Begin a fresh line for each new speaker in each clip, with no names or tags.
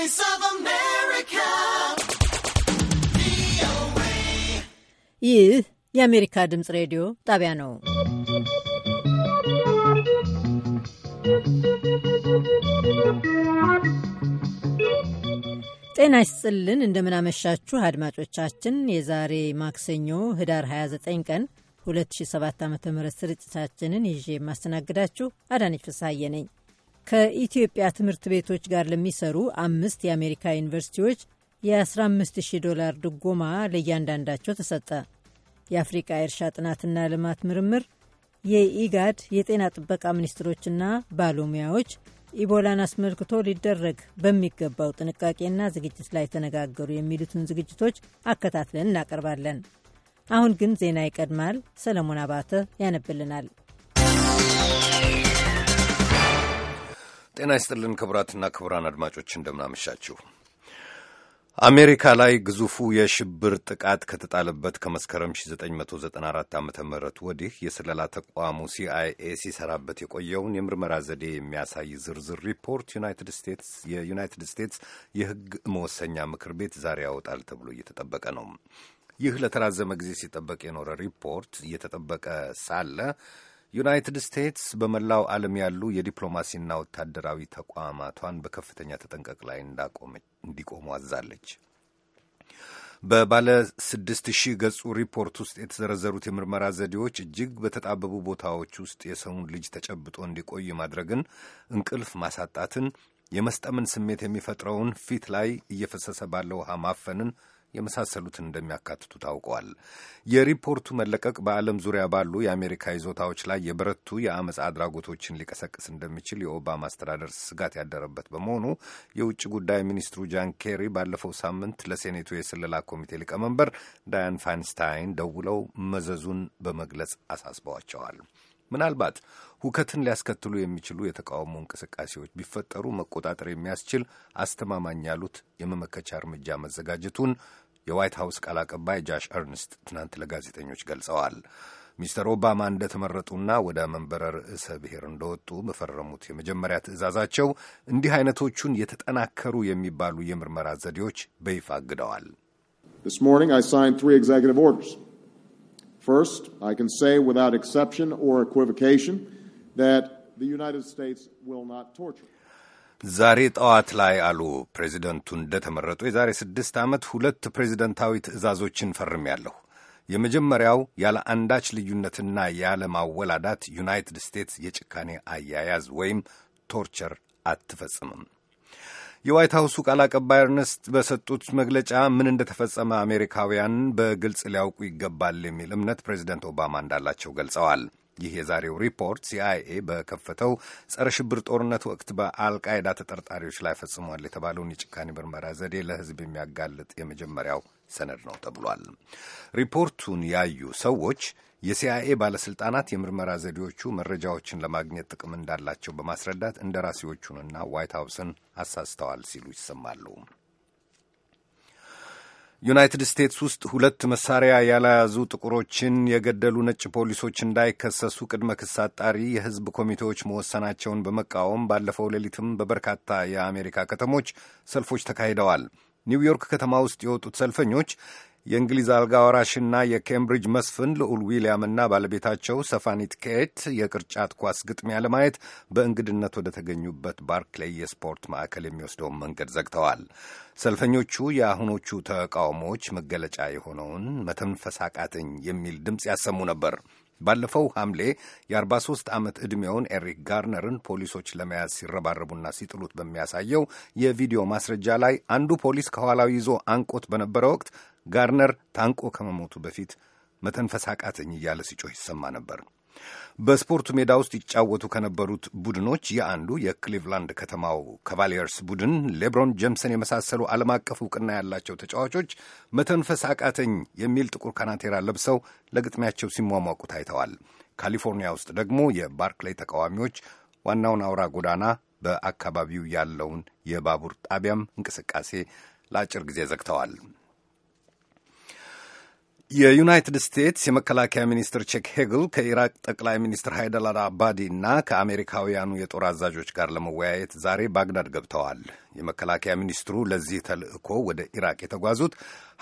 Voice of America.
ይህ የአሜሪካ ድምፅ ሬዲዮ ጣቢያ ነው። ጤና ይስጥልን፣ እንደምናመሻችሁ አድማጮቻችን። የዛሬ ማክሰኞ ህዳር 29 ቀን 2007 ዓ ም ስርጭታችንን ይዤ የማስተናግዳችሁ አዳነች ፍስሐዬ ነኝ። ከኢትዮጵያ ትምህርት ቤቶች ጋር ለሚሰሩ አምስት የአሜሪካ ዩኒቨርሲቲዎች የ15000 ዶላር ድጎማ ለእያንዳንዳቸው ተሰጠ። የአፍሪቃ የእርሻ ጥናትና ልማት ምርምር፣ የኢጋድ የጤና ጥበቃ ሚኒስትሮችና ባለሙያዎች ኢቦላን አስመልክቶ ሊደረግ በሚገባው ጥንቃቄና ዝግጅት ላይ ተነጋገሩ የሚሉትን ዝግጅቶች አከታትለን እናቀርባለን። አሁን ግን ዜና ይቀድማል። ሰለሞን አባተ ያነብልናል።
ጤና ይስጥልን ክቡራትና ክቡራን አድማጮች እንደምናመሻችሁ። አሜሪካ ላይ ግዙፉ የሽብር ጥቃት ከተጣለበት ከመስከረም 1994 ዓ ም ወዲህ የስለላ ተቋሙ ሲአይኤ ሲሰራበት የቆየውን የምርመራ ዘዴ የሚያሳይ ዝርዝር ሪፖርት የዩናይትድ ስቴትስ የሕግ መወሰኛ ምክር ቤት ዛሬ ያወጣል ተብሎ እየተጠበቀ ነው። ይህ ለተራዘመ ጊዜ ሲጠበቅ የኖረ ሪፖርት እየተጠበቀ ሳለ ዩናይትድ ስቴትስ በመላው ዓለም ያሉ የዲፕሎማሲና ወታደራዊ ተቋማቷን በከፍተኛ ተጠንቀቅ ላይ እንዲቆሙ አዛለች። በባለ ስድስት ሺህ ገጹ ሪፖርት ውስጥ የተዘረዘሩት የምርመራ ዘዴዎች እጅግ በተጣበቡ ቦታዎች ውስጥ የሰውን ልጅ ተጨብጦ እንዲቆይ ማድረግን፣ እንቅልፍ ማሳጣትን፣ የመስጠምን ስሜት የሚፈጥረውን ፊት ላይ እየፈሰሰ ባለ ውሃ ማፈንን የመሳሰሉትን እንደሚያካትቱ ታውቀዋል። የሪፖርቱ መለቀቅ በዓለም ዙሪያ ባሉ የአሜሪካ ይዞታዎች ላይ የበረቱ የአመፅ አድራጎቶችን ሊቀሰቅስ እንደሚችል የኦባማ አስተዳደር ስጋት ያደረበት በመሆኑ የውጭ ጉዳይ ሚኒስትሩ ጃን ኬሪ ባለፈው ሳምንት ለሴኔቱ የስለላ ኮሚቴ ሊቀመንበር ዳያን ፋንስታይን ደውለው መዘዙን በመግለጽ አሳስበዋቸዋል። ምናልባት ሁከትን ሊያስከትሉ የሚችሉ የተቃውሞ እንቅስቃሴዎች ቢፈጠሩ መቆጣጠር የሚያስችል አስተማማኝ ያሉት የመመከቻ እርምጃ መዘጋጀቱን የዋይት ሀውስ ቃል አቀባይ ጃሽ ኤርንስት ትናንት ለጋዜጠኞች ገልጸዋል። ሚስተር ኦባማ እንደተመረጡና ወደ መንበረ ርዕሰ ብሔር እንደወጡ በፈረሙት የመጀመሪያ ትዕዛዛቸው እንዲህ አይነቶቹን የተጠናከሩ የሚባሉ የምርመራ ዘዴዎች በይፋ አግደዋል። ዛሬ ጠዋት ላይ አሉ ፕሬዚደንቱ እንደተመረጡ የዛሬ ስድስት ዓመት ሁለት ፕሬዚደንታዊ ትዕዛዞችን ፈርሜያለሁ። የመጀመሪያው ያለ አንዳች ልዩነትና ያለ ማወላዳት ዩናይትድ ስቴትስ የጭካኔ አያያዝ ወይም ቶርቸር አትፈጽምም። የዋይት ሀውሱ ቃል አቀባይ እርነስት በሰጡት መግለጫ ምን እንደተፈጸመ አሜሪካውያን በግልጽ ሊያውቁ ይገባል የሚል እምነት ፕሬዚደንት ኦባማ እንዳላቸው ገልጸዋል። ይህ የዛሬው ሪፖርት ሲአይኤ በከፈተው ጸረ ሽብር ጦርነት ወቅት በአልቃይዳ ተጠርጣሪዎች ላይ ፈጽሟል የተባለውን የጭካኔ ምርመራ ዘዴ ለሕዝብ የሚያጋልጥ የመጀመሪያው ሰነድ ነው ተብሏል። ሪፖርቱን ያዩ ሰዎች የሲአይኤ ባለሥልጣናት የምርመራ ዘዴዎቹ መረጃዎችን ለማግኘት ጥቅም እንዳላቸው በማስረዳት እንደራሴዎቹንና ዋይት ሀውስን አሳስተዋል ሲሉ ይሰማሉ። ዩናይትድ ስቴትስ ውስጥ ሁለት መሳሪያ ያለያዙ ጥቁሮችን የገደሉ ነጭ ፖሊሶች እንዳይከሰሱ ቅድመ ክስ አጣሪ የሕዝብ ኮሚቴዎች መወሰናቸውን በመቃወም ባለፈው ሌሊትም በበርካታ የአሜሪካ ከተሞች ሰልፎች ተካሂደዋል። ኒውዮርክ ከተማ ውስጥ የወጡት ሰልፈኞች የእንግሊዝ አልጋ ወራሽና የኬምብሪጅ መስፍን ልዑል ዊልያምና ባለቤታቸው ሰፋኒት ኬት የቅርጫት ኳስ ግጥሚያ ለማየት በእንግድነት ወደ ተገኙበት ባርክሌይ የስፖርት ማዕከል የሚወስደውን መንገድ ዘግተዋል። ሰልፈኞቹ የአሁኖቹ ተቃውሞዎች መገለጫ የሆነውን መተንፈስ አቃተኝ የሚል ድምፅ ያሰሙ ነበር። ባለፈው ሐምሌ የ43 ዓመት ዕድሜውን ኤሪክ ጋርነርን ፖሊሶች ለመያዝ ሲረባረቡና ሲጥሉት በሚያሳየው የቪዲዮ ማስረጃ ላይ አንዱ ፖሊስ ከኋላው ይዞ አንቆት በነበረ ወቅት ጋርነር ታንቆ ከመሞቱ በፊት መተንፈስ አቃተኝ እያለ ሲጮህ ይሰማ ነበር። በስፖርት ሜዳ ውስጥ ይጫወቱ ከነበሩት ቡድኖች የአንዱ የክሊቭላንድ ከተማው ካቫሊየርስ ቡድን ሌብሮን ጀምሰን የመሳሰሉ ዓለም አቀፍ እውቅና ያላቸው ተጫዋቾች መተንፈስ አቃተኝ የሚል ጥቁር ካናቴራ ለብሰው ለግጥሚያቸው ሲሟሟቁ ታይተዋል። ካሊፎርኒያ ውስጥ ደግሞ የባርክላይ ተቃዋሚዎች ዋናውን አውራ ጎዳና በአካባቢው ያለውን የባቡር ጣቢያም እንቅስቃሴ ለአጭር ጊዜ ዘግተዋል። የዩናይትድ ስቴትስ የመከላከያ ሚኒስትር ቼክ ሄግል ከኢራቅ ጠቅላይ ሚኒስትር ሃይደር አባዲ እና ከአሜሪካውያኑ የጦር አዛዦች ጋር ለመወያየት ዛሬ ባግዳድ ገብተዋል። የመከላከያ ሚኒስትሩ ለዚህ ተልእኮ ወደ ኢራቅ የተጓዙት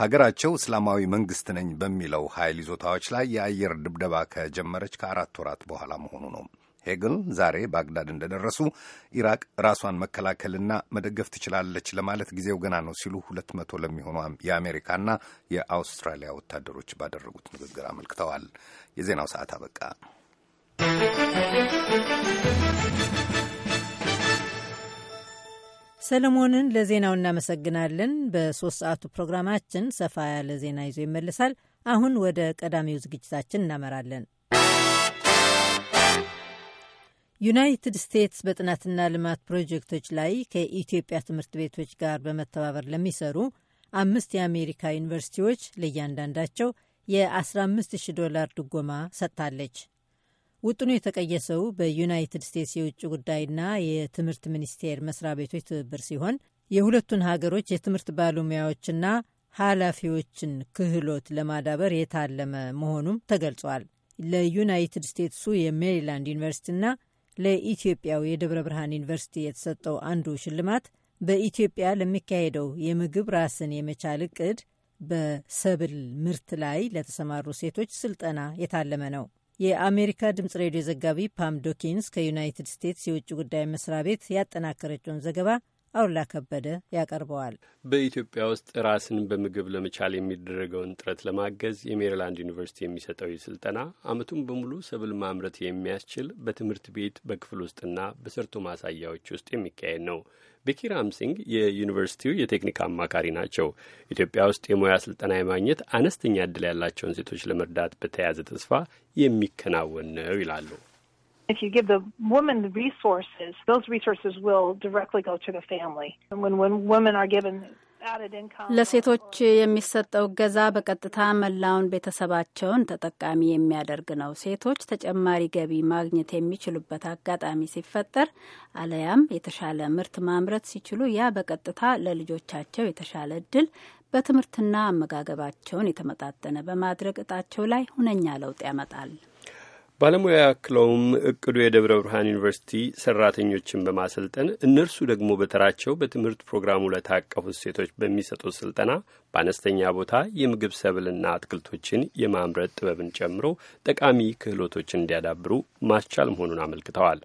ሀገራቸው እስላማዊ መንግስት ነኝ በሚለው ኃይል ይዞታዎች ላይ የአየር ድብደባ ከጀመረች ከአራት ወራት በኋላ መሆኑ ነው። ሄግን ዛሬ ባግዳድ እንደደረሱ ኢራቅ ራሷን መከላከልና መደገፍ ትችላለች ለማለት ጊዜው ገና ነው ሲሉ ሁለት መቶ ለሚሆኑ የአሜሪካና የአውስትራሊያ ወታደሮች ባደረጉት ንግግር አመልክተዋል። የዜናው ሰዓት አበቃ።
ሰለሞንን ለዜናው እናመሰግናለን። በሶስት ሰዓቱ ፕሮግራማችን ሰፋ ያለ ዜና ይዞ ይመልሳል። አሁን ወደ ቀዳሚው ዝግጅታችን እናመራለን። ዩናይትድ ስቴትስ በጥናትና ልማት ፕሮጀክቶች ላይ ከኢትዮጵያ ትምህርት ቤቶች ጋር በመተባበር ለሚሰሩ አምስት የአሜሪካ ዩኒቨርሲቲዎች ለእያንዳንዳቸው የ15000 ዶላር ድጎማ ሰጥታለች። ውጥኑ የተቀየሰው በዩናይትድ ስቴትስ የውጭ ጉዳይና የትምህርት ሚኒስቴር መስሪያ ቤቶች ትብብር ሲሆን የሁለቱን ሀገሮች የትምህርት ባለሙያዎችና ኃላፊዎችን ክህሎት ለማዳበር የታለመ መሆኑም ተገልጿል። ለዩናይትድ ስቴትሱ የሜሪላንድ ዩኒቨርሲቲና ለኢትዮጵያው የደብረ ብርሃን ዩኒቨርሲቲ የተሰጠው አንዱ ሽልማት በኢትዮጵያ ለሚካሄደው የምግብ ራስን የመቻል እቅድ በሰብል ምርት ላይ ለተሰማሩ ሴቶች ስልጠና የታለመ ነው። የአሜሪካ ድምጽ ሬዲዮ ዘጋቢ ፓም ዶኪንስ ከዩናይትድ ስቴትስ የውጭ ጉዳይ መስሪያ ቤት ያጠናከረችውን ዘገባ አሉላ ከበደ ያቀርበዋል።
በኢትዮጵያ ውስጥ ራስን በምግብ ለመቻል የሚደረገውን ጥረት ለማገዝ የሜሪላንድ ዩኒቨርሲቲ የሚሰጠው ስልጠና አመቱን በሙሉ ሰብል ማምረት የሚያስችል በትምህርት ቤት በክፍል ውስጥና በሰርቶ ማሳያዎች ውስጥ የሚካሄድ ነው። ቤኪ ራምሲንግ የዩኒቨርሲቲው የቴክኒክ አማካሪ ናቸው። ኢትዮጵያ ውስጥ የሙያ ስልጠና የማግኘት አነስተኛ እድል ያላቸውን ሴቶች ለመርዳት በተያያዘ ተስፋ የሚከናወን ነው ይላሉ።
If you give the woman the resources, those resources will directly go to the family. And when, when women are given ለሴቶች የሚሰጠው እገዛ በቀጥታ መላውን ቤተሰባቸውን ተጠቃሚ የሚያደርግ ነው። ሴቶች ተጨማሪ ገቢ ማግኘት የሚችሉበት አጋጣሚ ሲፈጠር አለያም የተሻለ ምርት ማምረት ሲችሉ ያ በቀጥታ ለልጆቻቸው የተሻለ እድል በትምህርትና አመጋገባቸውን የተመጣጠነ በማድረግ እጣቸው ላይ ሁነኛ ለውጥ ያመጣል።
ባለሙያ ያክለውም እቅዱ የደብረ ብርሃን ዩኒቨርሲቲ ሰራተኞችን በማሰልጠን እነርሱ ደግሞ በተራቸው በትምህርት ፕሮግራሙ ለታቀፉ ሴቶች በሚሰጡት ስልጠና በአነስተኛ ቦታ የምግብ ሰብልና አትክልቶችን የማምረት ጥበብን ጨምሮ ጠቃሚ ክህሎቶችን እንዲያዳብሩ ማስቻል መሆኑን አመልክተዋል።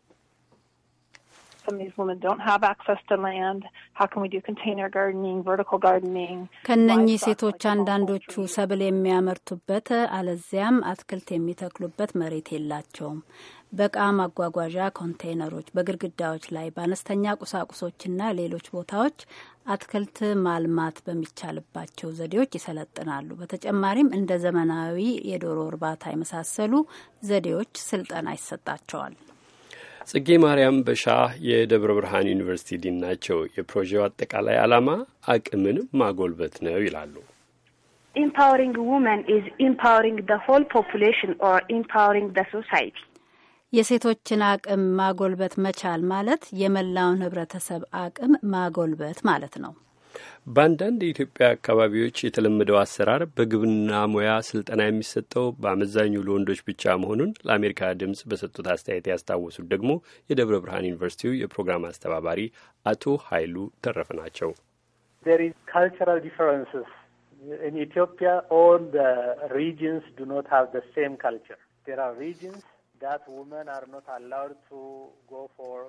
some of these women don't have access to land. How can we do container gardening, vertical gardening? ከነኚህ ሴቶች አንዳንዶቹ ሰብል የሚያመርቱበት አለዚያም አትክልት የሚተክሉበት መሬት የላቸውም። በቃ ማጓጓዣ ኮንቴይነሮች፣ በግድግዳዎች ላይ በአነስተኛ ቁሳቁሶችና ሌሎች ቦታዎች አትክልት ማልማት በሚቻልባቸው ዘዴዎች ይሰለጥናሉ። በተጨማሪም እንደ ዘመናዊ የዶሮ እርባታ የመሳሰሉ ዘዴዎች ስልጠና ይሰጣቸዋል።
ጽጌ ማርያም በሻህ የደብረ ብርሃን ዩኒቨርሲቲ ዲን ናቸው። የፕሮጀው አጠቃላይ ዓላማ አቅምን ማጎልበት ነው ይላሉ።
ኢምፓወሪንግ ውመን ኢዝ ኢምፓወሪንግ ደ ሆል ፖፑሌሽን ኦር ኢምፓወሪንግ ደ ሶሳይቲ። የሴቶችን አቅም ማጎልበት መቻል ማለት የመላውን ህብረተሰብ አቅም ማጎልበት ማለት ነው።
በአንዳንድ የኢትዮጵያ አካባቢዎች የተለመደው አሰራር በግብርና ሙያ ስልጠና የሚሰጠው በአመዛኙ ለወንዶች ብቻ መሆኑን ለአሜሪካ ድምፅ በሰጡት አስተያየት ያስታወሱት ደግሞ የደብረ ብርሃን ዩኒቨርሲቲው የፕሮግራም አስተባባሪ አቶ ኃይሉ ተረፈ ናቸው።
ካልቸራል ዲፈረንስስ ኢን ኢትዮጵያ ኦል ሪጅንስ ዱ ኖት ሃቭ ዘ ሴም ካልቸር አር ሪጅንስ ውመን አር
ኖት አላውድ ቱ ጎ ፎር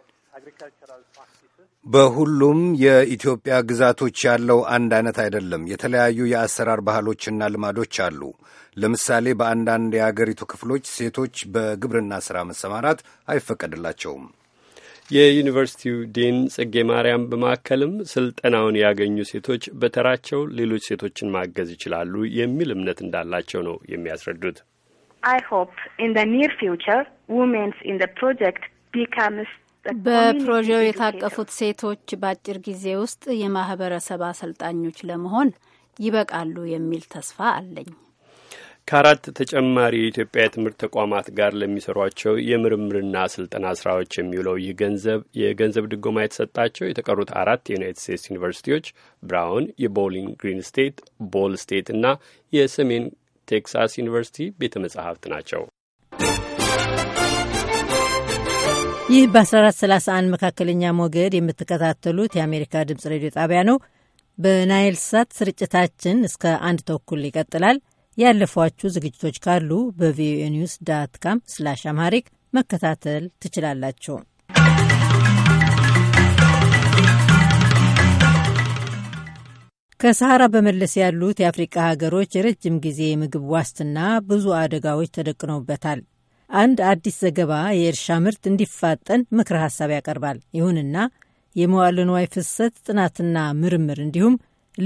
በሁሉም የኢትዮጵያ ግዛቶች ያለው አንድ አይነት አይደለም። የተለያዩ የአሰራር ባህሎችና ልማዶች አሉ። ለምሳሌ በአንዳንድ የአገሪቱ ክፍሎች ሴቶች በግብርና ሥራ መሰማራት አይፈቀድላቸውም።
የዩኒቨርሲቲው ዲን ጽጌ ማርያም በማከልም ስልጠናውን ያገኙ ሴቶች በተራቸው ሌሎች ሴቶችን ማገዝ ይችላሉ የሚል እምነት እንዳላቸው ነው የሚያስረዱት።
አይ ሆፕ ኢን ኒር ፊውቸር ውሜንስ ኢን ፕሮጀክት ቢካምስ በፕሮጀው የታቀፉት ሴቶች በአጭር ጊዜ ውስጥ የማህበረሰብ አሰልጣኞች ለመሆን ይበቃሉ የሚል ተስፋ አለኝ።
ከአራት ተጨማሪ የኢትዮጵያ የትምህርት ተቋማት ጋር ለሚሰሯቸው የምርምርና ስልጠና ስራዎች የሚውለው ይህ ገንዘብ የገንዘብ ድጎማ የተሰጣቸው የተቀሩት አራት የዩናይትድ ስቴትስ ዩኒቨርሲቲዎች ብራውን፣ የቦሊንግ ግሪን ስቴት፣ ቦል ስቴት እና የሰሜን ቴክሳስ ዩኒቨርሲቲ ቤተ መጻሕፍት ናቸው።
ይህ በ1431 መካከለኛ ሞገድ የምትከታተሉት የአሜሪካ ድምፅ ሬዲዮ ጣቢያ ነው። በናይል ሳት ስርጭታችን እስከ አንድ ተኩል ይቀጥላል። ያለፏችሁ ዝግጅቶች ካሉ በቪኦኤ ኒውስ ዳት ካም ስላሽ አምሃሪክ መከታተል ትችላላችሁ። ከሰሐራ በመለስ ያሉት የአፍሪቃ ሀገሮች የረጅም ጊዜ የምግብ ዋስትና ብዙ አደጋዎች ተደቅነውበታል። አንድ አዲስ ዘገባ የእርሻ ምርት እንዲፋጠን ምክረ ሀሳብ ያቀርባል። ይሁንና የመዋለ ንዋይ ፍሰት ጥናትና ምርምር እንዲሁም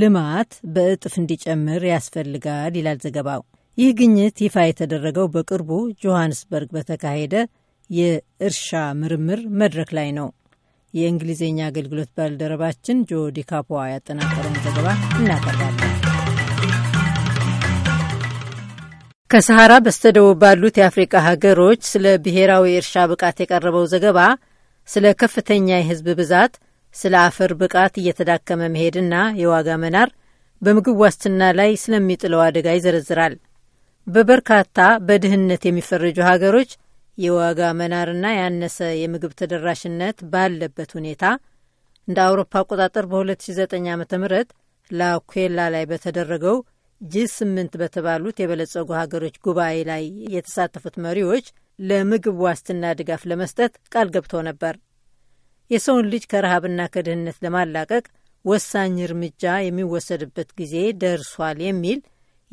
ልማት በእጥፍ እንዲጨምር ያስፈልጋል ይላል ዘገባው። ይህ ግኝት ይፋ የተደረገው በቅርቡ ጆሃንስበርግ በተካሄደ የእርሻ ምርምር መድረክ ላይ ነው። የእንግሊዝኛ አገልግሎት ባልደረባችን ጆ ዲካፖዋ ያጠናቀረውን ዘገባ እናቀርባለን። ከሰሃራ በስተደቡብ ባሉት የአፍሪቃ ሀገሮች ስለ ብሔራዊ እርሻ ብቃት የቀረበው ዘገባ ስለ ከፍተኛ የህዝብ ብዛት፣ ስለ አፈር ብቃት እየተዳከመ መሄድና የዋጋ መናር በምግብ ዋስትና ላይ ስለሚጥለው አደጋ ይዘረዝራል። በበርካታ በድህነት የሚፈረጁ ሀገሮች የዋጋ መናርና ያነሰ የምግብ ተደራሽነት ባለበት ሁኔታ እንደ አውሮፓ አቆጣጠር በ2009 ዓ ም ላኩዌላ ላይ በተደረገው ጂ ስምንት በተባሉት የበለጸጉ ሀገሮች ጉባኤ ላይ የተሳተፉት መሪዎች ለምግብ ዋስትና ድጋፍ ለመስጠት ቃል ገብተው ነበር። የሰውን ልጅ ከረሃብና ከድህነት ለማላቀቅ ወሳኝ እርምጃ የሚወሰድበት ጊዜ ደርሷል የሚል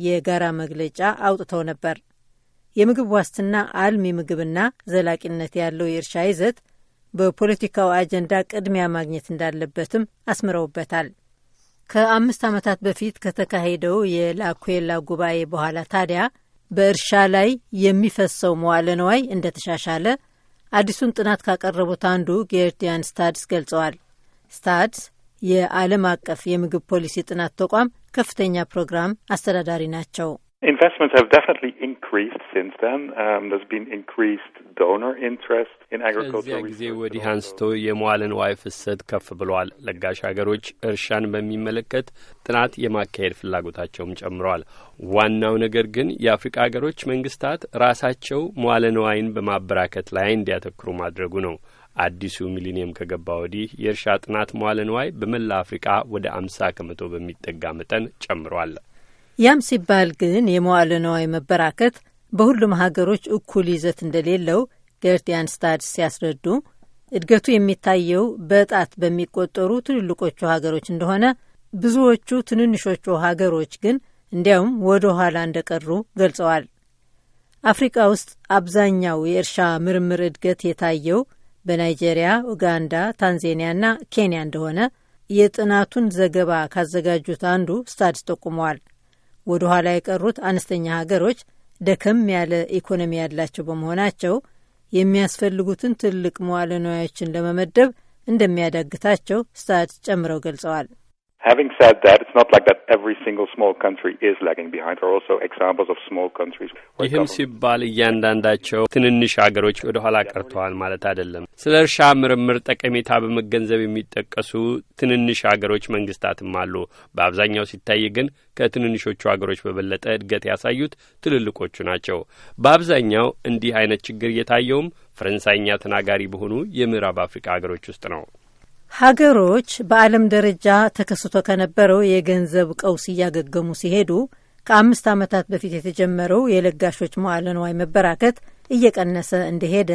የጋራ መግለጫ አውጥተው ነበር። የምግብ ዋስትና፣ አልሚ ምግብና ዘላቂነት ያለው የእርሻ ይዘት በፖለቲካው አጀንዳ ቅድሚያ ማግኘት እንዳለበትም አስምረውበታል። ከአምስት ዓመታት በፊት ከተካሄደው የላኩዌላ ጉባኤ በኋላ ታዲያ በእርሻ ላይ የሚፈሰው መዋለ ነዋይ እንደተሻሻለ አዲሱን ጥናት ካቀረቡት አንዱ ጌርዲያን ስታድስ ገልጸዋል። ስታድስ የዓለም አቀፍ የምግብ ፖሊሲ ጥናት ተቋም ከፍተኛ ፕሮግራም አስተዳዳሪ ናቸው።
Investments have definitely increased since then. Um, there's been increased donor interest
in agriculture. ጊዜ ወዲህ አንስቶ የመዋለ ንዋይ ፍሰት ከፍ ብሏል። ለጋሽ ሀገሮች እርሻን በሚመለከት ጥናት የማካሄድ ፍላጎታቸውም ጨምረዋል። ዋናው ነገር ግን የአፍሪቃ ሀገሮች መንግስታት ራሳቸው መዋለ ንዋይን በማበራከት ላይ እንዲያተክሩ ማድረጉ ነው። አዲሱ ሚሊኒየም ከገባ ወዲህ የእርሻ ጥናት መዋለ ንዋይ በመላ አፍሪቃ ወደ አምሳ ከመቶ በሚጠጋ መጠን ጨምሯል።
ያም ሲባል ግን የመዋለ ነዋይ መበራከት በሁሉም ሀገሮች እኩል ይዘት እንደሌለው ገርዲያን ስታድ ሲያስረዱ እድገቱ የሚታየው በጣት በሚቆጠሩ ትልልቆቹ ሀገሮች እንደሆነ፣ ብዙዎቹ ትንንሾቹ ሀገሮች ግን እንዲያውም ወደ ኋላ እንደቀሩ ገልጸዋል። አፍሪቃ ውስጥ አብዛኛው የእርሻ ምርምር እድገት የታየው በናይጄሪያ፣ ኡጋንዳ፣ ታንዛኒያና ኬንያ እንደሆነ የጥናቱን ዘገባ ካዘጋጁት አንዱ ስታድስ ጠቁመዋል። ወደ ኋላ የቀሩት አነስተኛ ሀገሮች ደከም ያለ ኢኮኖሚ ያላቸው በመሆናቸው የሚያስፈልጉትን ትልቅ መዋለ ንዋዮችን ለመመደብ እንደሚያዳግታቸው ስታትስ ጨምረው ገልጸዋል።
Having said that, it's not like that every single small country is lagging behind. There are also examples of small countries.
ይህም ሲባል እያንዳንዳቸው ትንንሽ ሀገሮች ወደ ኋላ ቀርተዋል ማለት አይደለም። ስለ እርሻ ምርምር ጠቀሜታ በመገንዘብ የሚጠቀሱ ትንንሽ ሀገሮች መንግስታትም አሉ። በአብዛኛው ሲታይ ግን ከትንንሾቹ ሀገሮች በበለጠ እድገት ያሳዩት ትልልቆቹ ናቸው። በአብዛኛው እንዲህ አይነት ችግር እየታየውም ፈረንሳይኛ ተናጋሪ በሆኑ የምዕራብ አፍሪካ ሀገሮች ውስጥ ነው።
ሀገሮች በዓለም ደረጃ ተከስቶ ከነበረው የገንዘብ ቀውስ እያገገሙ ሲሄዱ ከአምስት ዓመታት በፊት የተጀመረው የለጋሾች መዋለ ንዋይ መበራከት እየቀነሰ እንደሄደ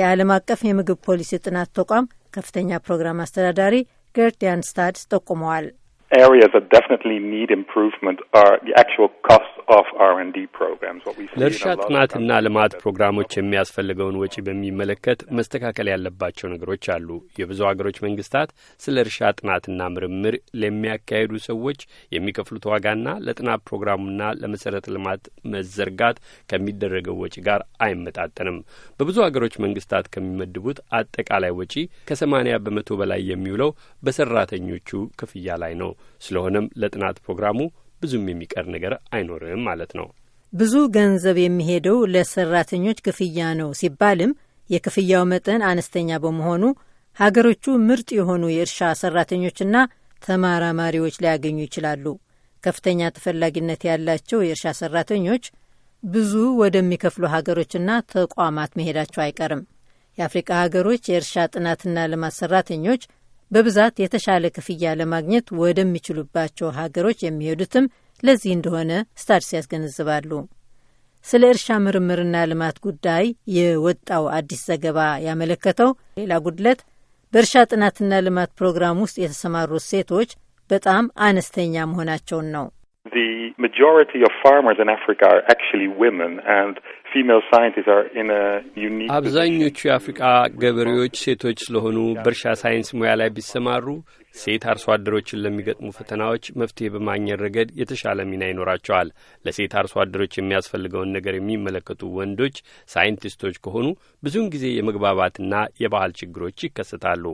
የዓለም አቀፍ የምግብ ፖሊሲ ጥናት ተቋም ከፍተኛ ፕሮግራም አስተዳዳሪ ገርት ያንስታድ ጠቁመዋል።
areas that definitely need improvement are the actual cost of R&D programs. ለእርሻ ጥናትና
ልማት ፕሮግራሞች የሚያስፈልገውን ወጪ በሚመለከት መስተካከል ያለባቸው ነገሮች አሉ። የብዙ ሀገሮች መንግስታት ስለ እርሻ ጥናትና ምርምር ለሚያካሂዱ ሰዎች የሚከፍሉት ዋጋና ለጥናት ፕሮግራሙና ለመሰረተ ልማት መዘርጋት ከሚደረገው ወጪ ጋር አይመጣጠንም። በብዙ ሀገሮች መንግስታት ከሚመድቡት አጠቃላይ ወጪ ከሰማኒያ በመቶ በላይ የሚውለው በሰራተኞቹ ክፍያ ላይ ነው። ስለሆነም ለጥናት ፕሮግራሙ ብዙም የሚቀር ነገር አይኖርም ማለት ነው።
ብዙ ገንዘብ የሚሄደው ለሰራተኞች ክፍያ ነው ሲባልም የክፍያው መጠን አነስተኛ በመሆኑ ሀገሮቹ ምርጥ የሆኑ የእርሻ ሰራተኞችና ተማራማሪዎች ሊያገኙ ይችላሉ። ከፍተኛ ተፈላጊነት ያላቸው የእርሻ ሰራተኞች ብዙ ወደሚከፍሉ ሀገሮችና ተቋማት መሄዳቸው አይቀርም። የአፍሪቃ ሀገሮች የእርሻ ጥናትና ልማት ሰራተኞች በብዛት የተሻለ ክፍያ ለማግኘት ወደሚችሉባቸው ሀገሮች የሚሄዱትም ለዚህ እንደሆነ ስታድስ ያስገነዝባሉ። ስለ እርሻ ምርምርና ልማት ጉዳይ የወጣው አዲስ ዘገባ ያመለከተው ሌላ ጉድለት በእርሻ ጥናትና ልማት ፕሮግራም ውስጥ የተሰማሩት ሴቶች በጣም አነስተኛ መሆናቸውን ነው።
አብዛኞቹ የአፍሪቃ ገበሬዎች ሴቶች ስለሆኑ በእርሻ ሳይንስ ሙያ ላይ ቢሰማሩ ሴት አርሶ አደሮችን ለሚገጥሙ ፈተናዎች መፍትሄ በማግኘት ረገድ የተሻለ ሚና ይኖራቸዋል። ለሴት አርሶ አደሮች የሚያስፈልገውን ነገር የሚመለከቱ ወንዶች ሳይንቲስቶች ከሆኑ ብዙውን ጊዜ የመግባባትና የባህል ችግሮች ይከሰታሉ።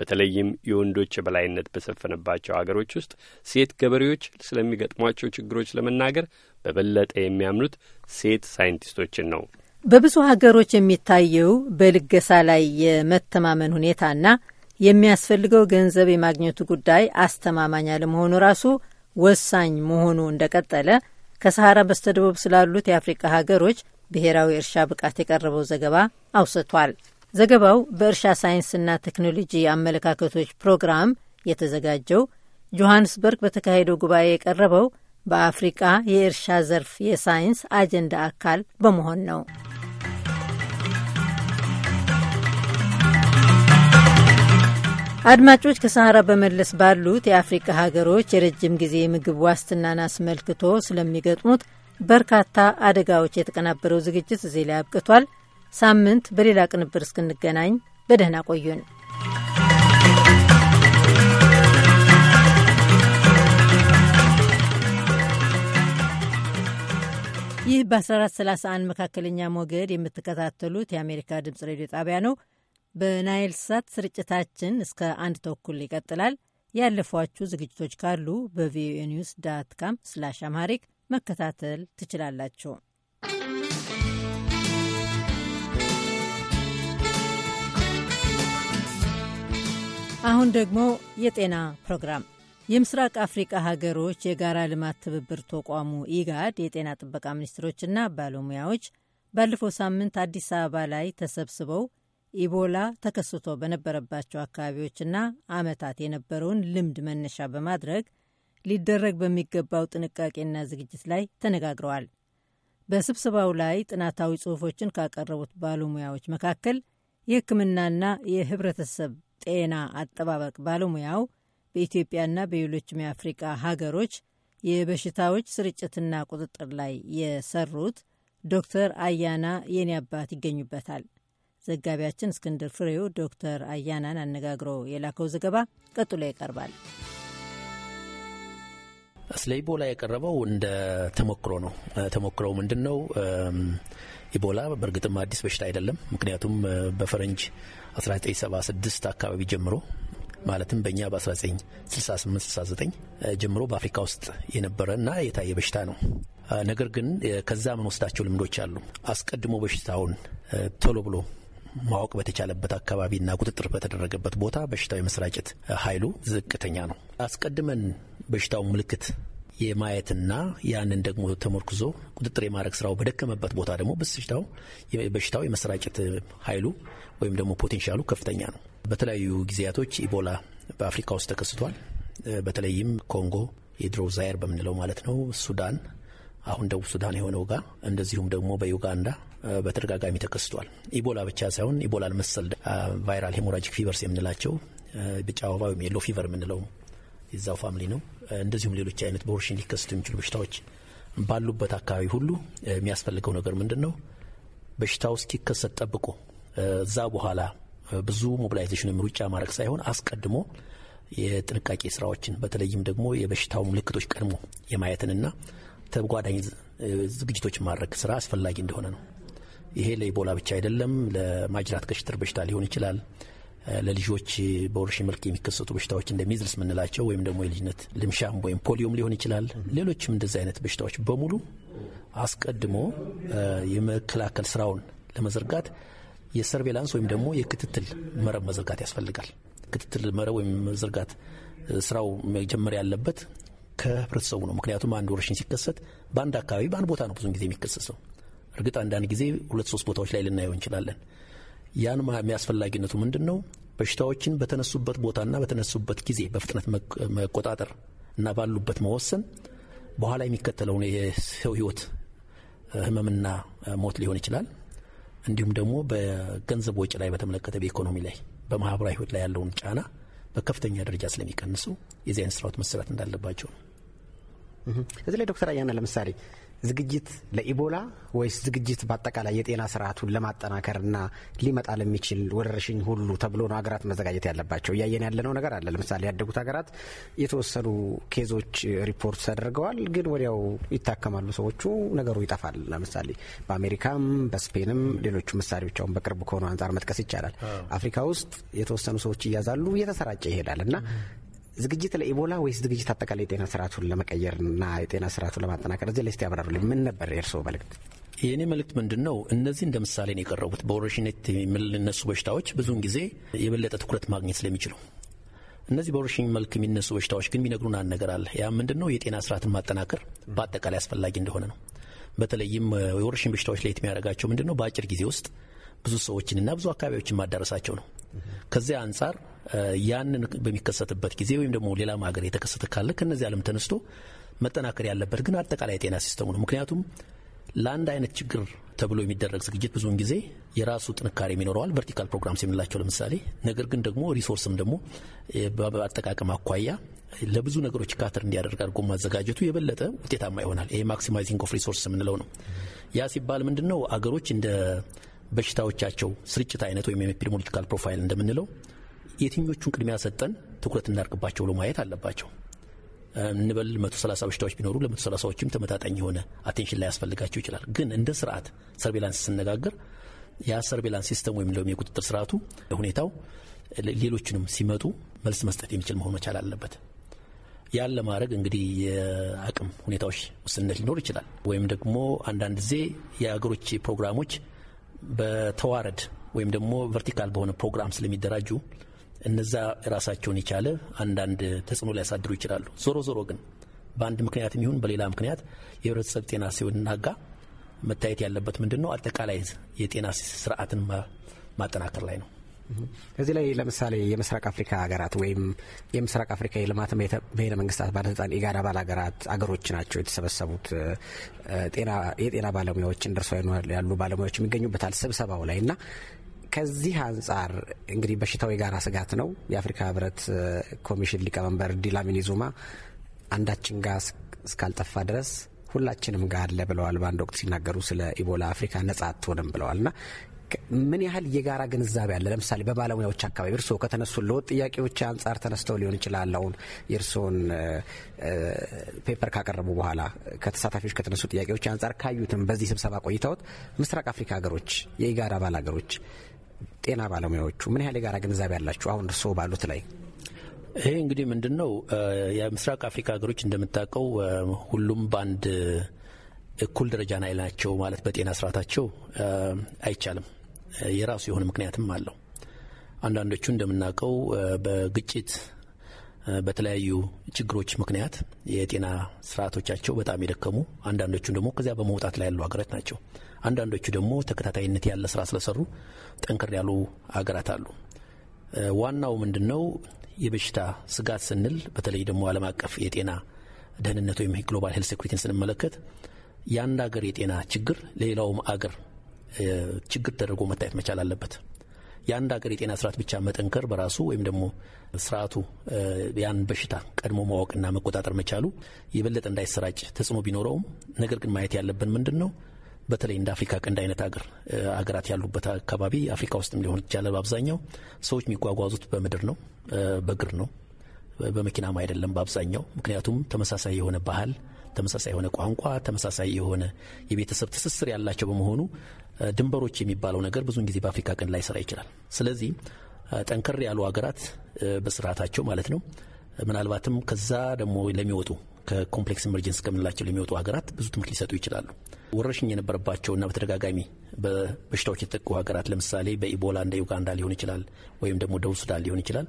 በተለይም የወንዶች የበላይነት በሰፈነባቸው አገሮች ውስጥ ሴት ገበሬዎች ስለሚገጥሟቸው ችግሮች ለመናገር በበለጠ የሚያምኑት ሴት ሳይንቲስቶችን ነው።
በብዙ ሀገሮች የሚታየው በልገሳ ላይ የመተማመን ሁኔታና የሚያስፈልገው ገንዘብ የማግኘቱ ጉዳይ አስተማማኝ አለመሆኑ ራሱ ወሳኝ መሆኑ እንደቀጠለ ከሰሃራ በስተደቡብ ስላሉት የአፍሪቃ ሀገሮች ብሔራዊ እርሻ ብቃት የቀረበው ዘገባ አውስቷል። ዘገባው በእርሻ ሳይንስና ቴክኖሎጂ አመለካከቶች ፕሮግራም የተዘጋጀው ጆሃንስበርግ በተካሄደው ጉባኤ የቀረበው በአፍሪቃ የእርሻ ዘርፍ የሳይንስ አጀንዳ አካል በመሆን ነው። አድማጮች ከሰሃራ በመለስ ባሉት የአፍሪካ ሀገሮች የረጅም ጊዜ የምግብ ዋስትናን አስመልክቶ ስለሚገጥሙት በርካታ አደጋዎች የተቀናበረው ዝግጅት እዚህ ላይ አብቅቷል። ሳምንት በሌላ ቅንብር እስክንገናኝ በደህና ቆዩን። ይህ በ1431 መካከለኛ ሞገድ የምትከታተሉት የአሜሪካ ድምፅ ሬዲዮ ጣቢያ ነው። በናይል ሳት ስርጭታችን እስከ አንድ ተኩል ይቀጥላል። ያለፏችሁ ዝግጅቶች ካሉ በቪኦኤ ኒውስ ዳት ካም ስላሽ አምሃሪክ መከታተል ትችላላችሁ። አሁን ደግሞ የጤና ፕሮግራም የምስራቅ አፍሪቃ ሀገሮች የጋራ ልማት ትብብር ተቋሙ ኢጋድ የጤና ጥበቃ ሚኒስትሮችና ባለሙያዎች ባለፈው ሳምንት አዲስ አበባ ላይ ተሰብስበው ኢቦላ ተከስቶ በነበረባቸው አካባቢዎችና ዓመታት የነበረውን ልምድ መነሻ በማድረግ ሊደረግ በሚገባው ጥንቃቄና ዝግጅት ላይ ተነጋግረዋል። በስብሰባው ላይ ጥናታዊ ጽሑፎችን ካቀረቡት ባለሙያዎች መካከል የሕክምናና የህብረተሰብ ጤና አጠባበቅ ባለሙያው በኢትዮጵያና በሌሎችም የአፍሪቃ ሀገሮች የበሽታዎች ስርጭትና ቁጥጥር ላይ የሰሩት ዶክተር አያና የኔ አባት ይገኙበታል። ዘጋቢያችን እስክንድር ፍሬው ዶክተር አያናን አነጋግሮ የላከው ዘገባ ቀጥሎ ይቀርባል።
ስለ ኢቦላ የቀረበው እንደ ተሞክሮ ነው። ተሞክሮው ምንድን ነው? ኢቦላ በእርግጥም አዲስ በሽታ አይደለም። ምክንያቱም በፈረንጅ 1976 አካባቢ ጀምሮ ማለትም በእኛ በ1968/69 ጀምሮ በአፍሪካ ውስጥ የነበረ እና የታየ በሽታ ነው። ነገር ግን ከዛ ምን ወስዳቸው ልምዶች አሉ። አስቀድሞ በሽታውን ቶሎ ብሎ ማወቅ በተቻለበት አካባቢና ቁጥጥር በተደረገበት ቦታ በሽታው የመስራጨት ኃይሉ ዝቅተኛ ነው። አስቀድመን በሽታውን ምልክት የማየትና ያንን ደግሞ ተመርኩዞ ቁጥጥር የማድረግ ስራው በደከመበት ቦታ ደግሞ በሽታው የመስራጨት ኃይሉ ወይም ደግሞ ፖቴንሻሉ ከፍተኛ ነው። በተለያዩ ጊዜያቶች ኢቦላ በአፍሪካ ውስጥ ተከስቷል። በተለይም ኮንጎ፣ የድሮ ዛየር በምንለው ማለት ነው፣ ሱዳን፣ አሁን ደቡብ ሱዳን የሆነው ጋር እንደዚሁም ደግሞ በዩጋንዳ በተደጋጋሚ ተከስቷል። ኢቦላ ብቻ ሳይሆን ኢቦላን መሰል ቫይራል ሄሞራጂክ ፊቨርስ የምንላቸው ብጫ ወባ ወይም የሎ ፊቨር የምንለው የዛው ፋሚሊ ነው። እንደዚሁም ሌሎች አይነት በወረርሽኝ ሊከሰቱ የሚችሉ በሽታዎች ባሉበት አካባቢ ሁሉ የሚያስፈልገው ነገር ምንድን ነው? በሽታው እስኪከሰት ጠብቆ እዛ በኋላ ብዙ ወይም ሩጫ ማድረግ ሳይሆን አስቀድሞ የጥንቃቄ ስራዎችን በተለይም ደግሞ የበሽታው ምልክቶች ቀድሞ የማየትንና ተጓዳኝ ዝግጅቶች ማድረግ ስራ አስፈላጊ እንደሆነ ነው። ይሄ ለኢቦላ ብቻ አይደለም። ለማጅራት ከሽትር በሽታ ሊሆን ይችላል። ለልጆች በወረርሽኝ መልክ የሚከሰቱ በሽታዎች እንደ ሚዝልስ የምንላቸው ወይም ደግሞ የልጅነት ልምሻም ወይም ፖሊዮም ሊሆን ይችላል። ሌሎችም እንደዚህ አይነት በሽታዎች በሙሉ አስቀድሞ የመከላከል ስራውን ለመዘርጋት የሰርቬላንስ ወይም ደግሞ የክትትል መረብ መዘርጋት ያስፈልጋል። ክትትል መረብ ወይም መዘርጋት ስራው መጀመር ያለበት ከህብረተሰቡ ነው። ምክንያቱም አንድ ወረርሽኝ ሲከሰት በአንድ አካባቢ በአንድ ቦታ ነው ብዙ ጊዜ የሚከሰሰው። እርግጥ አንዳንድ ጊዜ ሁለት ሶስት ቦታዎች ላይ ልናየው እንችላለን። ያን የሚያስፈላጊነቱ ምንድን ነው? በሽታዎችን በተነሱበት ቦታና በተነሱበት ጊዜ በፍጥነት መቆጣጠር እና ባሉበት መወሰን በኋላ የሚከተለውን የሰው ህይወት ህመምና ሞት ሊሆን ይችላል እንዲሁም ደግሞ በገንዘብ ወጪ ላይ በተመለከተ በኢኮኖሚ ላይ በማህበራዊ ህይወት ላይ ያለውን ጫና በከፍተኛ ደረጃ ስለሚቀንሱ የዚህ አይነት ስራዎች መሰራት እንዳለባቸው ነው። እዚህ ላይ ዶክተር አያና ለምሳሌ ዝግጅት
ለኢቦላ ወይስ ዝግጅት በአጠቃላይ የጤና ስርዓቱን ለማጠናከር እና ሊመጣ ለሚችል ወረርሽኝ ሁሉ ተብሎ ነው ሀገራት መዘጋጀት ያለባቸው? እያየን ያለነው ነገር አለ። ለምሳሌ ያደጉት ሀገራት የተወሰኑ ኬዞች ሪፖርት ተደርገዋል፣ ግን ወዲያው ይታከማሉ ሰዎቹ፣ ነገሩ ይጠፋል። ለምሳሌ በአሜሪካም በስፔንም ሌሎቹ ምሳሌዎች አሁን በቅርብ ከሆኑ አንጻር መጥቀስ ይቻላል። አፍሪካ ውስጥ የተወሰኑ ሰዎች እያዛሉ እየተሰራጨ ይሄዳል እና ዝግጅት ለኢቦላ ወይስ ዝግጅት አጠቃላይ የጤና ስርዓቱን ለመቀየርና የጤና ስርዓቱን ለማጠናከር እዚህ ላይ ያብራሩልኝ። ምን ነበር የእርስዎ
መልእክት? የእኔ መልእክት ምንድን ነው? እነዚህ እንደ ምሳሌ ነው የቀረቡት። በወረርሽኝነት የሚነሱ በሽታዎች ብዙውን ጊዜ የበለጠ ትኩረት ማግኘት ስለሚችሉ እነዚህ በወረርሽኝ መልክ የሚነሱ በሽታዎች ግን የሚነግሩን አንድ ነገር አለ። ያ ምንድን ነው? የጤና ስርዓትን ማጠናከር በአጠቃላይ አስፈላጊ እንደሆነ ነው። በተለይም የወረርሽኝ በሽታዎች ለየት የሚያደርጋቸው ምንድን ነው? በአጭር ጊዜ ውስጥ ብዙ ሰዎችንና ብዙ አካባቢዎችን ማዳረሳቸው ነው። ከዚያ አንጻር ያንን በሚከሰትበት ጊዜ ወይም ደግሞ ሌላም ሀገር የተከሰተ ካለ ከነዚህ ዓለም ተነስቶ መጠናከር ያለበት ግን አጠቃላይ የጤና ሲስተሙ ነው። ምክንያቱም ለአንድ አይነት ችግር ተብሎ የሚደረግ ዝግጅት ብዙውን ጊዜ የራሱ ጥንካሬ ይኖረዋል፣ ቨርቲካል ፕሮግራምስ የምንላቸው ለምሳሌ። ነገር ግን ደግሞ ሪሶርስም ደግሞ በአጠቃቀም አኳያ ለብዙ ነገሮች ካተር እንዲያደርግ አድርጎ ማዘጋጀቱ የበለጠ ውጤታማ ይሆናል። ይሄ ማክሲማይዚንግ ኦፍ ሪሶርስ የምንለው ነው። ያ ሲባል ምንድን ነው አገሮች እንደ በሽታዎቻቸው ስርጭት አይነት ወይም የኤፒዲሞሎጂካል ፕሮፋይል እንደምንለው የትኞቹን ቅድሚያ ሰጠን ትኩረት እናርግባቸው ብሎ ማየት አለባቸው። እንበል 130 በሽታዎች ቢኖሩ ለመቶ 130 ተመጣጣኝ የሆነ አቴንሽን ላይ ያስፈልጋቸው ይችላል። ግን እንደ ስርዓት ሰርቬላንስ ስነጋገር ያ ሰርቬላንስ ሲስተም ወይም ደግሞ የቁጥጥር ስርዓቱ ሁኔታው ሌሎችንም ሲመጡ መልስ መስጠት የሚችል መሆን መቻል አለበት። ያን ለማድረግ እንግዲህ የአቅም ሁኔታዎች ውስንነት ሊኖር ይችላል። ወይም ደግሞ አንዳንድ ጊዜ የሀገሮች ፕሮግራሞች በተዋረድ ወይም ደግሞ ቨርቲካል በሆነ ፕሮግራም ስለሚደራጁ እነዛ ራሳቸውን የቻለ አንዳንድ ተጽዕኖ ሊያሳድሩ ይችላሉ። ዞሮ ዞሮ ግን በአንድ ምክንያትም ይሁን በሌላ ምክንያት የህብረተሰብ ጤና ሲናጋ መታየት ያለበት ምንድን ነው? አጠቃላይ የጤና ስርዓትን ማጠናከር ላይ ነው።
እዚህ ላይ ለምሳሌ የምስራቅ አፍሪካ ሀገራት ወይም የምስራቅ አፍሪካ የልማት ብሔረ መንግስታት ባለስልጣን ኢጋድ አባል ሀገራት አገሮች ናቸው የተሰበሰቡት የጤና ባለሙያዎች እንደርሶ ያሉ ባለሙያዎች የሚገኙበታል ስብሰባው ላይ እና ከዚህ አንጻር እንግዲህ በሽታው የጋራ ስጋት ነው። የአፍሪካ ህብረት ኮሚሽን ሊቀመንበር ዲላሚኒ ዙማ አንዳችን ጋ እስካልጠፋ ድረስ ሁላችንም ጋር አለ ብለዋል። በአንድ ወቅት ሲናገሩ ስለ ኢቦላ አፍሪካ ነጻ አትሆንም ብለዋል እና ምን ያህል የጋራ ግንዛቤ አለ? ለምሳሌ በባለሙያዎች አካባቢ እርስዎ ከተነሱ ለውጥ ጥያቄዎች አንጻር ተነስተው ሊሆን ይችላል። አሁን የእርስዎን ፔፐር ካቀረቡ በኋላ ከተሳታፊዎች ከተነሱ ጥያቄዎች አንጻር ካዩትም በዚህ ስብሰባ ቆይተውት ምስራቅ አፍሪካ ሀገሮች፣ የኢጋድ አባል ሀገሮች ጤና ባለሙያዎቹ ምን ያህል የጋራ ግንዛቤ አላችሁ? አሁን እርስዎ ባሉት ላይ
ይሄ እንግዲህ ምንድን ነው የምስራቅ አፍሪካ ሀገሮች እንደምታውቀው ሁሉም በአንድ እኩል ደረጃ ላይ ናቸው ማለት በጤና ስርዓታቸው አይቻልም። የራሱ የሆነ ምክንያትም አለው። አንዳንዶቹ እንደምናውቀው በግጭት በተለያዩ ችግሮች ምክንያት የጤና ስርዓቶቻቸው በጣም የደከሙ፣ አንዳንዶቹ ደግሞ ከዚያ በመውጣት ላይ ያሉ ሀገራት ናቸው። አንዳንዶቹ ደግሞ ተከታታይነት ያለ ስራ ስለሰሩ ጠንከር ያሉ ሀገራት አሉ። ዋናው ምንድን ነው? የበሽታ ስጋት ስንል በተለይ ደግሞ ዓለም አቀፍ የጤና ደህንነት ወይም ግሎባል ሄልት ሴኩሪቲን ስንመለከት የአንድ ሀገር የጤና ችግር ሌላውም አገር ችግር ተደርጎ መታየት መቻል አለበት። የአንድ ሀገር የጤና ስርዓት ብቻ መጠንከር በራሱ ወይም ደግሞ ስርዓቱ ያን በሽታ ቀድሞ ማወቅና መቆጣጠር መቻሉ የበለጠ እንዳይሰራጭ ተጽዕኖ ቢኖረውም ነገር ግን ማየት ያለብን ምንድን ነው በተለይ እንደ አፍሪካ ቀንድ አይነት ሀገር አገራት ያሉበት አካባቢ አፍሪካ ውስጥም ሊሆን ይቻላል። በአብዛኛው ሰዎች የሚጓጓዙት በምድር ነው፣ በእግር ነው፣ በመኪናም አይደለም በአብዛኛው። ምክንያቱም ተመሳሳይ የሆነ ባህል፣ ተመሳሳይ የሆነ ቋንቋ፣ ተመሳሳይ የሆነ የቤተሰብ ትስስር ያላቸው በመሆኑ ድንበሮች የሚባለው ነገር ብዙውን ጊዜ በአፍሪካ ቀንድ ላይ ስራ ይችላል። ስለዚህ ጠንከር ያሉ ሀገራት በስርዓታቸው ማለት ነው ምናልባትም ከዛ ደግሞ ለሚወጡ ከኮምፕሌክስ ኢመርጀንስ ከምንላቸው ለሚወጡ ሀገራት ብዙ ትምህርት ሊሰጡ ይችላሉ። ወረርሽኝ የነበረባቸው እና በተደጋጋሚ በበሽታዎች የተጠቁ ሀገራት ለምሳሌ በኢቦላ እንደ ዩጋንዳ ሊሆን ይችላል፣ ወይም ደግሞ ደቡብ ሱዳን ሊሆን ይችላል።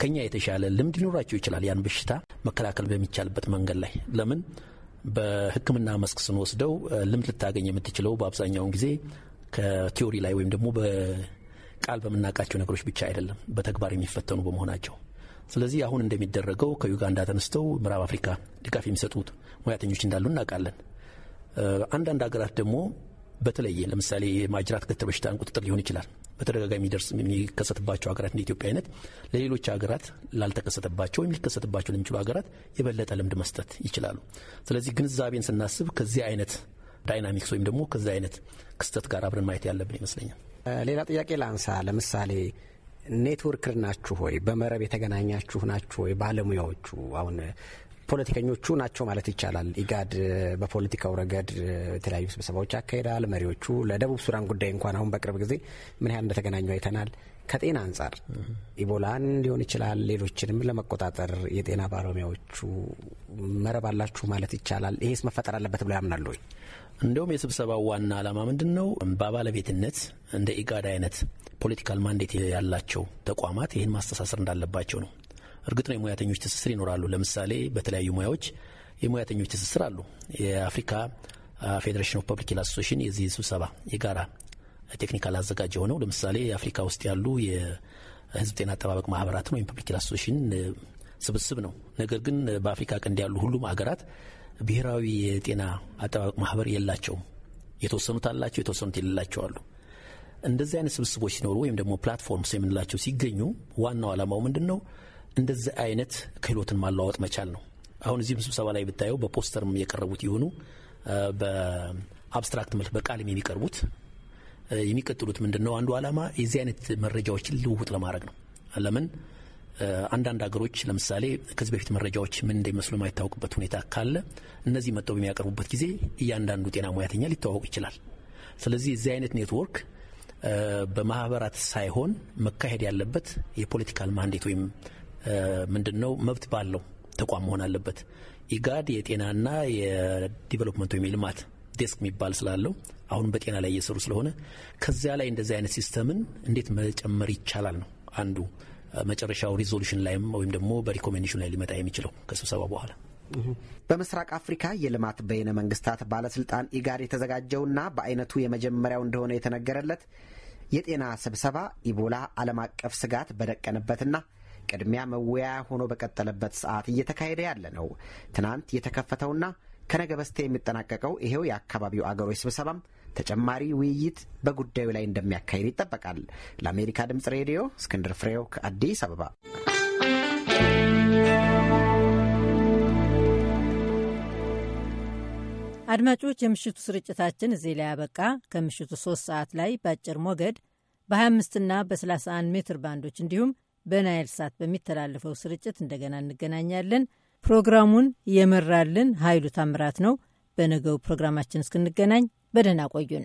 ከኛ የተሻለ ልምድ ሊኖራቸው ይችላል። ያን በሽታ መከላከል በሚቻልበት መንገድ ላይ ለምን በሕክምና መስክ ስንወስደው ልምድ ልታገኝ የምትችለው በአብዛኛውን ጊዜ ከቲዮሪ ላይ ወይም ደግሞ በቃል በምናውቃቸው ነገሮች ብቻ አይደለም፣ በተግባር የሚፈተኑ በመሆናቸው። ስለዚህ አሁን እንደሚደረገው ከዩጋንዳ ተነስተው ምዕራብ አፍሪካ ድጋፍ የሚሰጡት ሙያተኞች እንዳሉ እናውቃለን። አንዳንድ ሀገራት ደግሞ በተለየ ለምሳሌ የማጅራት ገትር በሽታን ቁጥጥር ሊሆን ይችላል። በተደጋጋሚ ደርስ የሚከሰትባቸው ሀገራት እንደ ኢትዮጵያ አይነት ለሌሎች ሀገራት ላልተከሰተባቸው ወይም ሊከሰትባቸው ለሚችሉ ሀገራት የበለጠ ልምድ መስጠት ይችላሉ። ስለዚህ ግንዛቤን ስናስብ ከዚህ አይነት ዳይናሚክስ ወይም ደግሞ ከዚህ አይነት ክስተት ጋር አብረን ማየት ያለብን ይመስለኛል። ሌላ ጥያቄ ላንሳ። ለምሳሌ
ኔትወርክ ናችሁ ሆይ በመረብ የተገናኛችሁ ናችሁ ሆይ ባለሙያዎቹ አሁን ፖለቲከኞቹ ናቸው ማለት ይቻላል። ኢጋድ በፖለቲካው ረገድ የተለያዩ ስብሰባዎች ያካሂዳል። መሪዎቹ ለደቡብ ሱዳን ጉዳይ እንኳን አሁን በቅርብ ጊዜ ምን ያህል እንደተገናኙ አይተናል። ከጤና አንጻር ኢቦላን ሊሆን ይችላል፣ ሌሎችንም ለመቆጣጠር የጤና
ባለሙያዎቹ መረብ አላችሁ ማለት ይቻላል። ይሄስ መፈጠር አለበት ብሎ ያምናሉ ወይ? እንደውም የስብሰባው ዋና ዓላማ ምንድን ነው? በባለቤትነት እንደ ኢጋድ አይነት ፖለቲካል ማንዴት ያላቸው ተቋማት ይህን ማስተሳሰር እንዳለባቸው ነው። እርግጥ ነው የሙያተኞች ትስስር ይኖራሉ። ለምሳሌ በተለያዩ ሙያዎች የሙያተኞች ትስስር አሉ። የአፍሪካ ፌዴሬሽን ኦፍ ፐብሊክ ሄልዝ አሶሴሽን የዚህ ስብሰባ የጋራ ቴክኒካል አዘጋጅ የሆነው ለምሳሌ የአፍሪካ ውስጥ ያሉ የህዝብ ጤና አጠባበቅ ማህበራትን ወይም ፐብሊክ ሄልዝ አሶሴሽን ስብስብ ነው። ነገር ግን በአፍሪካ ቀንድ ያሉ ሁሉም ሀገራት ብሔራዊ የጤና አጠባበቅ ማህበር የላቸውም። የተወሰኑት አላቸው፣ የተወሰኑት የሌላቸው አሉ። እንደዚህ አይነት ስብስቦች ሲኖሩ ወይም ደግሞ ፕላትፎርምስ የምንላቸው ሲገኙ ዋናው ዓላማው ምንድን ነው? እንደዚህ አይነት ክህሎትን ማለዋወጥ መቻል ነው። አሁን እዚህም ስብሰባ ላይ ብታየው በፖስተርም የቀረቡት የሆኑ በአብስትራክት መልክ በቃልም የሚቀርቡት የሚቀጥሉት ምንድን ነው? አንዱ ዓላማ የዚህ አይነት መረጃዎችን ልውውጥ ለማድረግ ነው። ለምን አንዳንድ ሀገሮች ለምሳሌ ከዚህ በፊት መረጃዎች ምን እንደሚመስሉ የማይታወቅበት ሁኔታ ካለ እነዚህ መጥተው በሚያቀርቡበት ጊዜ እያንዳንዱ ጤና ሙያተኛ ሊተዋወቅ ይችላል። ስለዚህ የዚህ አይነት ኔትወርክ በማህበራት ሳይሆን መካሄድ ያለበት የፖለቲካል ማንዴት ወይም ምንድነው መብት ባለው ተቋም መሆን አለበት። ኢጋድ የጤናና የዲቨሎፕመንት ወይም የልማት ዴስክ የሚባል ስላለው አሁን በጤና ላይ እየሰሩ ስለሆነ ከዚያ ላይ እንደዚህ አይነት ሲስተምን እንዴት መጨመር ይቻላል ነው አንዱ መጨረሻው ሪዞሉሽን ላይም ወይም ደግሞ በሪኮሜንዴሽን ላይ ሊመጣ የሚችለው
ከስብሰባ በኋላ። በምስራቅ አፍሪካ የልማት በይነ መንግስታት ባለስልጣን ኢጋድ የተዘጋጀውና በአይነቱ የመጀመሪያው እንደሆነ የተነገረለት የጤና ስብሰባ ኢቦላ ዓለም አቀፍ ስጋት በደቀነበትና ቅድሚያ መወያያ ሆኖ በቀጠለበት ሰዓት እየተካሄደ ያለ ነው። ትናንት የተከፈተውና ከነገ በስቲያ የሚጠናቀቀው ይሄው የአካባቢው አገሮች ስብሰባም ተጨማሪ ውይይት በጉዳዩ ላይ እንደሚያካሄድ ይጠበቃል። ለአሜሪካ ድምጽ ሬዲዮ እስክንድር ፍሬው ከአዲስ አበባ።
አድማጮች፣ የምሽቱ ስርጭታችን እዚህ ላይ ያበቃ። ከምሽቱ ሶስት ሰዓት ላይ በአጭር ሞገድ በ25ና በ31 ሜትር ባንዶች እንዲሁም በናይል ሳት በሚተላለፈው ስርጭት እንደገና እንገናኛለን። ፕሮግራሙን የመራልን ኃይሉ ታምራት ነው። በነገው ፕሮግራማችን እስክንገናኝ በደህና ቆዩን።